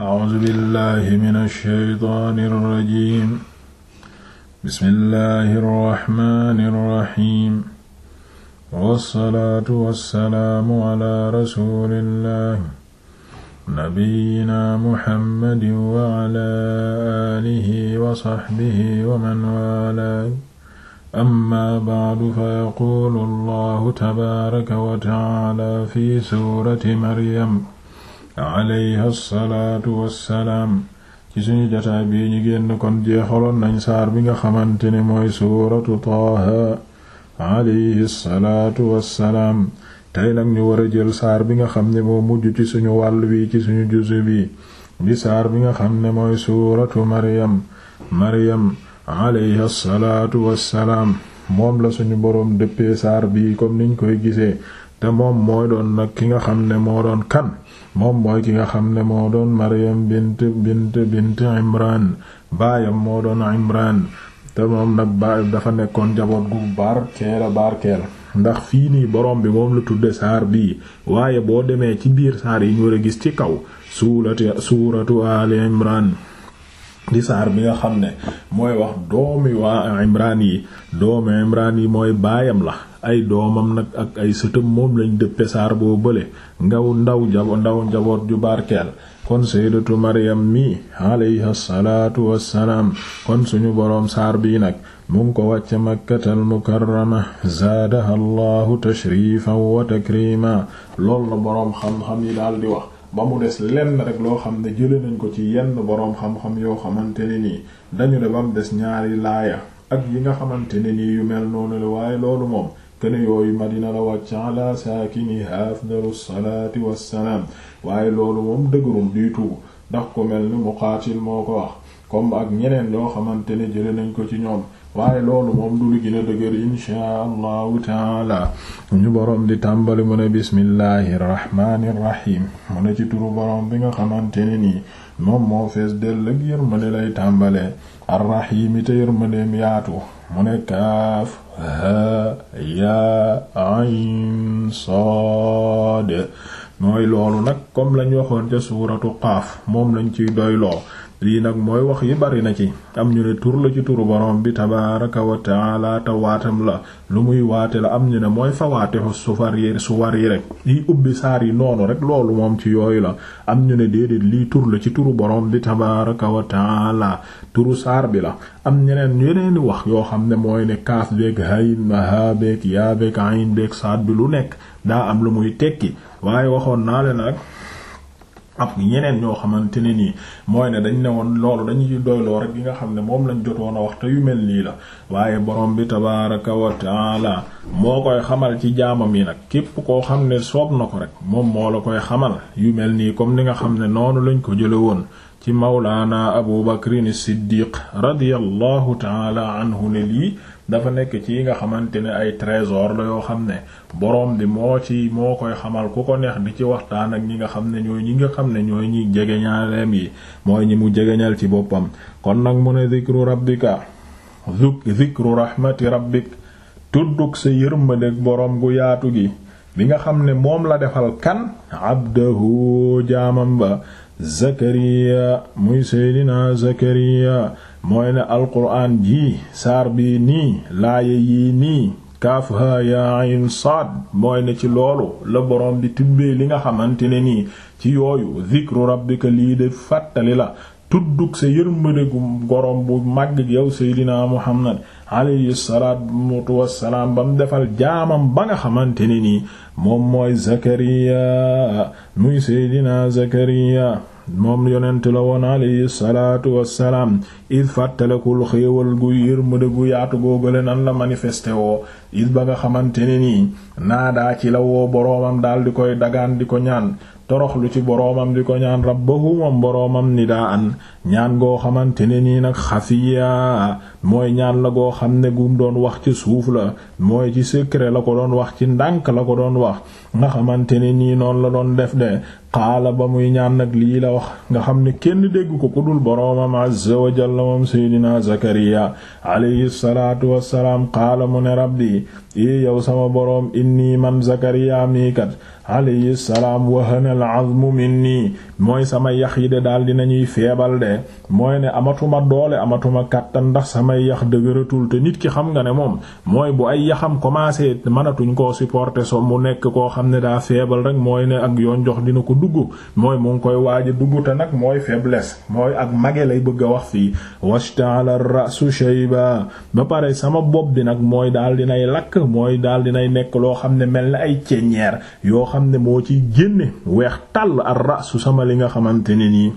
A'uuzu billaahi mina shaytaani rajiim bismillaahi rahmaani rahiim wassalaatu wassalaamu alaa rasuulillaahi nabiyyinaa Muhammadin wa alaa aalihi wa sahbihi wa man waalaahu amma ba'du fayaquulu Allaahu tabaaraka wa ta'aalaa fi suurati Maryam alayha salaatu wassalaam ci suñu jataay bi ñu génn kon jeexaloon nañ saar bi nga xamante ne mooy suuratu taaha alayhi salaatu wassalaam tey nag ñu war a jël saar bi nga xam ne moo mujj ci suñu wàll wi ci suñu juzu bi di saar bi nga xam ne mooy suuratu maryam maryam alayha salaatu wassalaam moom la suñu boroom dëppee saar bii comme niñ koy gisee te moom mooy doon nag ki nga xam ne moo doon kan moom mooy ki nga xam ne moo doon Maryam bint bint bint Imran baayam moo doon Imran te nag baay dafa nekkoon jaboot gu barkeel a barkeel ndax fii nii borom bi moom la tudde saar bii waaye boo demee ci biir saar yi ñu war a gis ci kaw suuratu suuratu Ali Imran di saar bi nga xam ne mooy wax doomi waa imraan yi doomi imraan yi mooy baayam la ay doomam nag ak ay sëtam moom lañ dëppe saar boo bële ngaw ndaw jabo ndaw njaboot ju barkeel kon sayyidatu maryam mi alayha salaatu wassalaam kon suñu boroom saar bii nag mu ngi ko wàcce makkatal mukarrama zaadaha allahu tashrifan wa takrima lool la boroom xam-xam yi dal di wax ba mu des lenn rek loo xam ne jële nañ ko ci yenn boroom xam-xam yoo xamante ne nii dañu ne ba mu des ñaari laaya ak yi nga xamante ne nii yu mel noonu la waaye loolu moom kene yooyu madina la wàcc ala saakini afdalu salaati wassalaam waaye loolu moom dëgërum diitu ndax ko mel ni muqaatil moo ko wax comme ak ñeneen yoo xamante ne jële nañ ko ci ñoom waaye loolu moom du lu gën dëgër inshaa allahu taala ñu boroom di tàmbali mu ne bismillahi rahmaani rahim mu ne ci turu boroom bi nga xamante ne nii moom moo fees del lëg yërmande lay tàmbalee arrahimi te yërmandeem yaatu mu ne kaaf ha yaa ayn saad mooy loolu nag comme lañ waxoon ca suuratu qaaf moom lañ ciy doyloo lii nag mooy wax yi bari na ci am ñu ne tur la ci turu borom bi tabaaraka wa taala la lu muy waate la am ñu ne mooy fawaatixu sufar yi suwar yi rek yi ubbi saar yi noonu rek loolu moom ci yooyu la am ñu ne déedéet liy tur la ci turu borom bi tabaaraka wa turu saar bi la am ñeneen yeneeni wax yoo xam ne mooy ne kaaf beeg hayin ma haa beeg yaa bi lu nekk daa am lu muy tekki waaye waxoon naa leen rek ak ñeneen ñoo xamante ne nii mooy ne dañ ne woon loolu dañuy doyloo rek yi nga xam ne moom lañ jotoon a wax yu mel nii la waaye borom bi tabaaraka wa taala moo koy xamal ci jaamam yi nag képp koo xam ne soob na ko rek moom moo la koy xamal yu mel nii comme ni nga xam ne noonu lañ ko jële woon ci mawlaana abu bakrin siddiq radiyallahu taala anhu ne lii dafa nekk ci yi nga xamante ne ay trésor la yoo xam ne borom bi moo ci moo koy xamal ku ko neex di ci waxtaan ak ñi nga xam ne ñooy ñi nga xam ne ñooy ñi jegeñaaleem yi mooy ñi mu jegeñal ci boppam kon nag mu ne zikru rabbika zuk zikru rahmati rabbik tudduk sa yërmandeg borom gu yaatu gi bi nga xam ne moom la defal kan abdahu jaamam ba zakariya muy seydina zakariya mooy ne alquraan jii saar bii nii laaya yii nii kaaf haa yaa ayn mooy ne ci loolu la borom di tibbee li nga xamante ne nii ci yooyu zikru rabbika lii de fàttali la tuddug sa yërmande gu gorom bu màgg yow seydinaa muhammad alayhi salaatu wassalaam bam defal jaamam ba nga xamante ne nii moom mooy zakariya muy seydinaa zakariya moom yonent la woon alayhi salaatu wassalaam id fàttalekul xéewal gu yërmande gu yaatu googale nan la manifesté woo id ba nga xamante ne nii naadaa ci la woo boroomam daal di koy dagaan di ko ñaan toroxlu ci boroomam di ko ñaan rabbahu moom boroomam ni daa an ñaan goo xamante ne nii nag xafiyaa mooy ñaan la goo xam ne gu doon wax ci suuf la mooy ci secret la ko doon wax ci ndànk la ko doon wax nga xamante ne nii noonu la doon def de qaala ba muy ñaan nag lii la wax nga xam ne kenn dégg ko ku dul boroomam azza wa jalla moom seydinaa zakariya alayhi salaatu wassalaam qaala mu ne rabbi i yow sama boroom inni man zakariya mii kat alayhi salaam wahana al azmu minni mooy sama yax yi de daal ñuy feebal de mooy ne amatuma doole amatuma kàttan ndax samay yax dëgëratul te nit ki xam nga ne moom mooy bu ay yaxam commencé mënatuñ koo supporter so mu nekk koo xam ne daa feebal rek mooy yoon jox dina dugg mooy mu ngi koy waaj a dugg te nag mooy faiblesse mooy ak mage lay bëgg a wax fii la rasu shayba ba pare sama bopp bi nag mooy daal dinay lakk mooy daal dinay nekk loo xam ne mel na ay ceññeer yoo xam ne moo ciy génne weex tàll ar rasu sama li nga xamante ne nii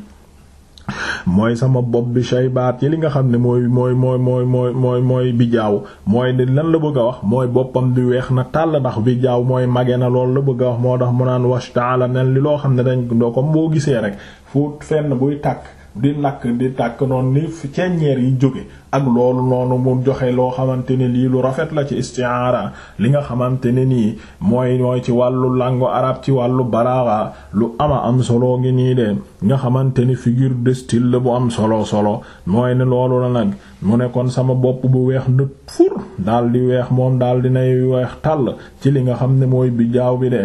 mooy sama bopp bi shaybaat yi li nga xam ne mooy mooy mooy mooy mooy mooy mooy bi jaaw mooy ni lan la bëgg a wax mooy boppam bi weex na tàll ndax bi jaaw mooy mage na loolu la bëgg a wax moo tax mu naan wash taala mel li loo xam ne dañ doo ko boo gisee rek fu fenn buy tàkk di nakk di tàkk noonu ni ceññeer yi jóge ak loolu noonu mu joxe loo xamante ne lii lu rafet la ci istiaara li nga xamante ne nii mooy mooy ci wàllu langue arabe ci wàllu balaaxa lu ama am solo ngi nii de nga xamante ni figure de style la bu am solo solo mooy ne loolu la nag mu ne kon sama bopp bu weex nët fur daal di weex moom daal di nay weex tàll ci li nga xam ne mooy bi jaaw bi de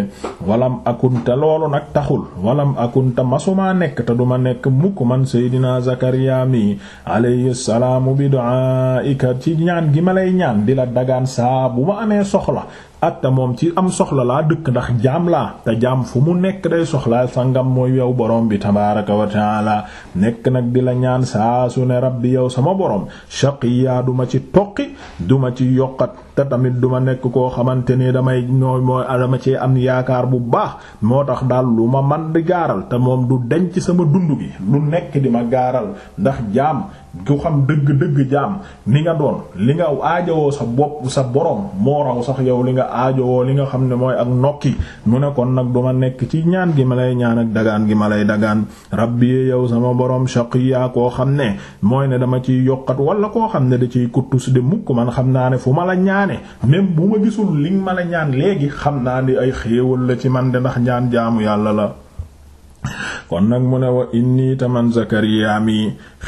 walam akunta loolu nag taxul walam akunta masuma nekk te duma nekk seydinaa Zakariya mi alayhi salaamu bi du'aika ci ñaan gi ma lay ñaan di la dagaan saa bu ma amee soxla te moom ci am soxla laa dëkk ndax jaam laa te jaam fu mu nekk day soxlaa sangam mooy yow borom bi tabaaraka wa taala nekk nag di la ñaan saa su ne bi yow sama borom shaqiya duma ci toqi duma ci yokkat te tamit duma nekk koo xamante ni damay ñooy mooy dama ci am yaakaar bu baax moo tax daal lu ma man di gaaral te moom du denc sama dund gi lu nekk di ma gaaral ndax jaam ku xam dëgg-dëgg jaam ni nga doon li nga aajowoo sa bopp sa borom moo raw sax yow li nga aajo woo li nga xam ne mooy ak nokki mu ne kon nag ma nekk ci ñaan gi ma lay ñaan ak dagaan gi ma lay dagaan rabbi yow sama boroom yi yaa koo xam ne mooy ne dama ciy yokkat wala koo xam ne da ciy kuttus de mukk man xam naa ne fu ma la ñaane même bu ma gisul li ma la ñaan léegi xam naa ni ay xéewal la ci man de ndax ñaan jaamu yàlla la kon nag mu ne wa inni taman zakariya mi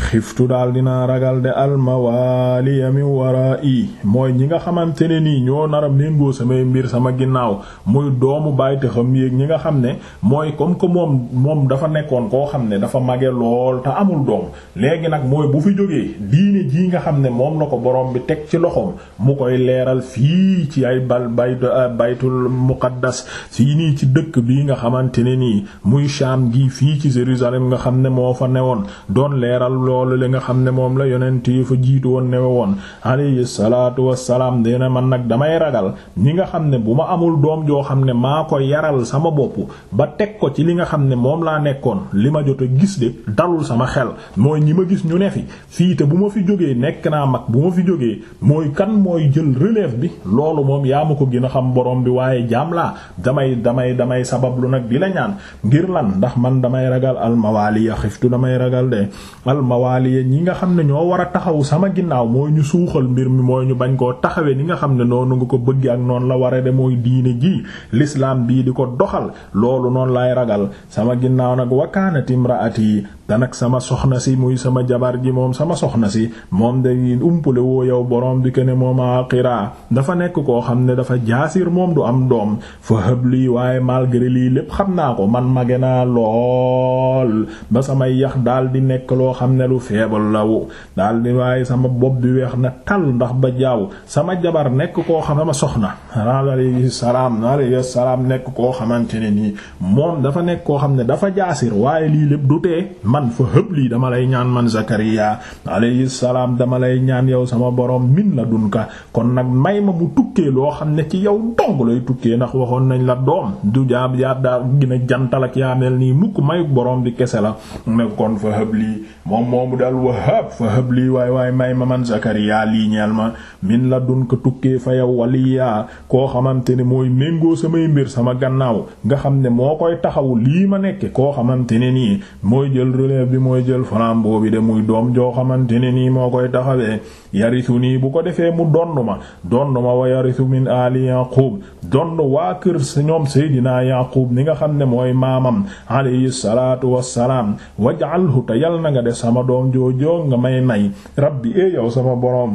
xiftu daal dinaa ragal de almawaaliya min waraa'i mooy ñi nga xamante ne nii ñoo nara méngoo samay mbir sama ginnaaw muy doomu bàyyite xam yéeg ñi nga xam ne mooy comme que moom dafa nekkoon koo xam ne dafa mage lool te amul doom léegi nag mooy bu fi jógee diine jii nga xam ne moom na ko borom bi teg ci loxoom mu koy leeral fii ci ay bal baytu baytul muqaddas fii nii ci dëkk bii nga xamante ne nii muy Sham gi fii fii ci Jérusalem nga xam ne moo fa newoon doon leeral loolu li nga xam ne moom la yonent yi fa jiitu woon newe woon alayhi salaatu wassalaam man nag damay ragal ñi nga xam ne bu ma amul doom joo xam ne maa ko yaral sama bopp ba teg ko ci li nga xam ne moom laa nekkoon li ma jot a gis de dalul sama xel mooy ñi ma gis ñu ne fi fii bu ma fi jógee nekk naa mag bu ma fi jógee mooy kan mooy jël relève bi loolu moom yaa ma ko gën xam borom bi waaye jaam laa damay damay damay sabablu nag di la ñaan ngir lan ndax man damay damay ragal almawaaliya xiftu damay ragal de ya ñi nga xam ne ñoo war a taxaw sama ginnaaw mooy ñu suuxal mbir mi mooy ñu bañ koo taxawee ni nga xam ne noonu nga ko bëgg ak noonu la war a de mooy diine jii l'islam bii di ko doxal loolu noonu lay ragal sama ginnaaw nag wakaanatimraati te sama soxna si muy sama jabar ji moom sama soxna si moom de umpale woo yow borom bi kene moom aqira dafa nekk koo xam ne dafa jaasir moom du am doom fa hëblii waaye malgré lii lépp xam naa ko man mage naa lool ba yax daal di nekk loo xam ne lu feebal lawu daal waaye sama bopp bi weex na tal ndax ba jaaw sama jabar nekk koo xam sama soxna alayhi salaam nekk koo xamante ne nii moom dafa nekk koo xam ne dafa jaasir waaye lii lépp du tee man fa lii dama lay ñaan man Zakariya alayhi salaam dama lay ñaan yow sama borom min la dunka kon nag may ma mu tukkee loo xam ne ci yow dong lay tukkee ndax waxoon nañ la doom du jaab yaa daa gën a jantal ak yaa mel nii mukk mayu boroom bi kese la ne kon fa hëblii moom moomu dal wahab fa hëblii waay waay may ma man Zakariya lii ñeel ma min la dunka tukkee fa yow waliyaa koo xamante ne mooy méngoo samay mbir sama gannaaw nga xam ma nekk koo xamante ne nii mooy relève bi mooy jël flambeau bi de muy doom joo xamante ne nii moo koy taxawee yarisu nii bu ko defee mu donn ma donn ma wa yarisu min ali yaqub donn waa kër sa ñoom seydinaa yaqub ni nga xam ne mooy maamam alayhi salaatu wassalaam waj'alhu te yal na nga def sama doom joojoo nga may may rabbi ee eh yow sama boroom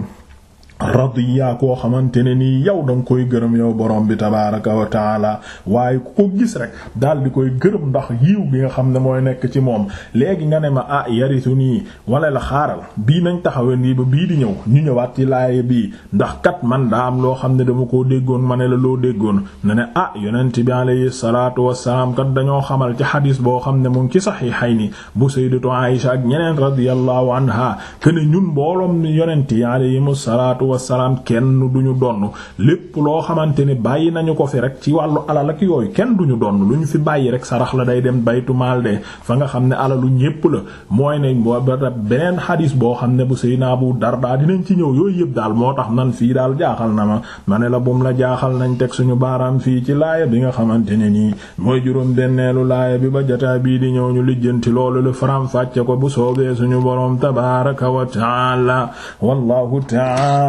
radiya koo xamante ne nii yow danga koy gërëm yow borom bi tabaaraka wa taala waaye ku ko gis rek daal di koy gërëm ndax yiw bi nga xam ne mooy nekk ci moom léegi nga ne ma ah yaritu nii wala la xaaral bii nañ taxawee nii ba bii di ñëw ñu ñëwaat ci laaya bii ndax kat man daa am loo xam ne dama koo déggoon ma ne la loo déggoon ne ne ah yonent bi alayhi salaatu wassalaam kat dañoo xamal ci xadis boo xam ne mu ngi ci saxiixayni bu sayyidatu Aisha ak ñeneen radiyallahu anha ken ñun mbooloom yonent yi alayhi salaatu wasalaam kenn duñu donn lépp loo xamante ni bàyyi nañu ko fi rek ci wàllu alal ak yooyu kenn duñu donn lu ñu fi bàyyi rek sarax la day dem baytu maal de fa nga xam ne alalu ñépp la mooy ne benn xadis boo xam ne bu sey naa Seydina Abu Darda dinañ ci ñëw yooyu yëpp daal moo tax nan fii daal jaaxal na ma ma ne la bum la jaaxal nañ teg suñu baaraam fii ci laaya bi nga xamante ne nii mooy juróom benneelu laaya bi ba jotaay bii di ñëw ñu lijjanti loolu lu faram ko bu soobee suñu boroom tabaaraka wa taala wallahu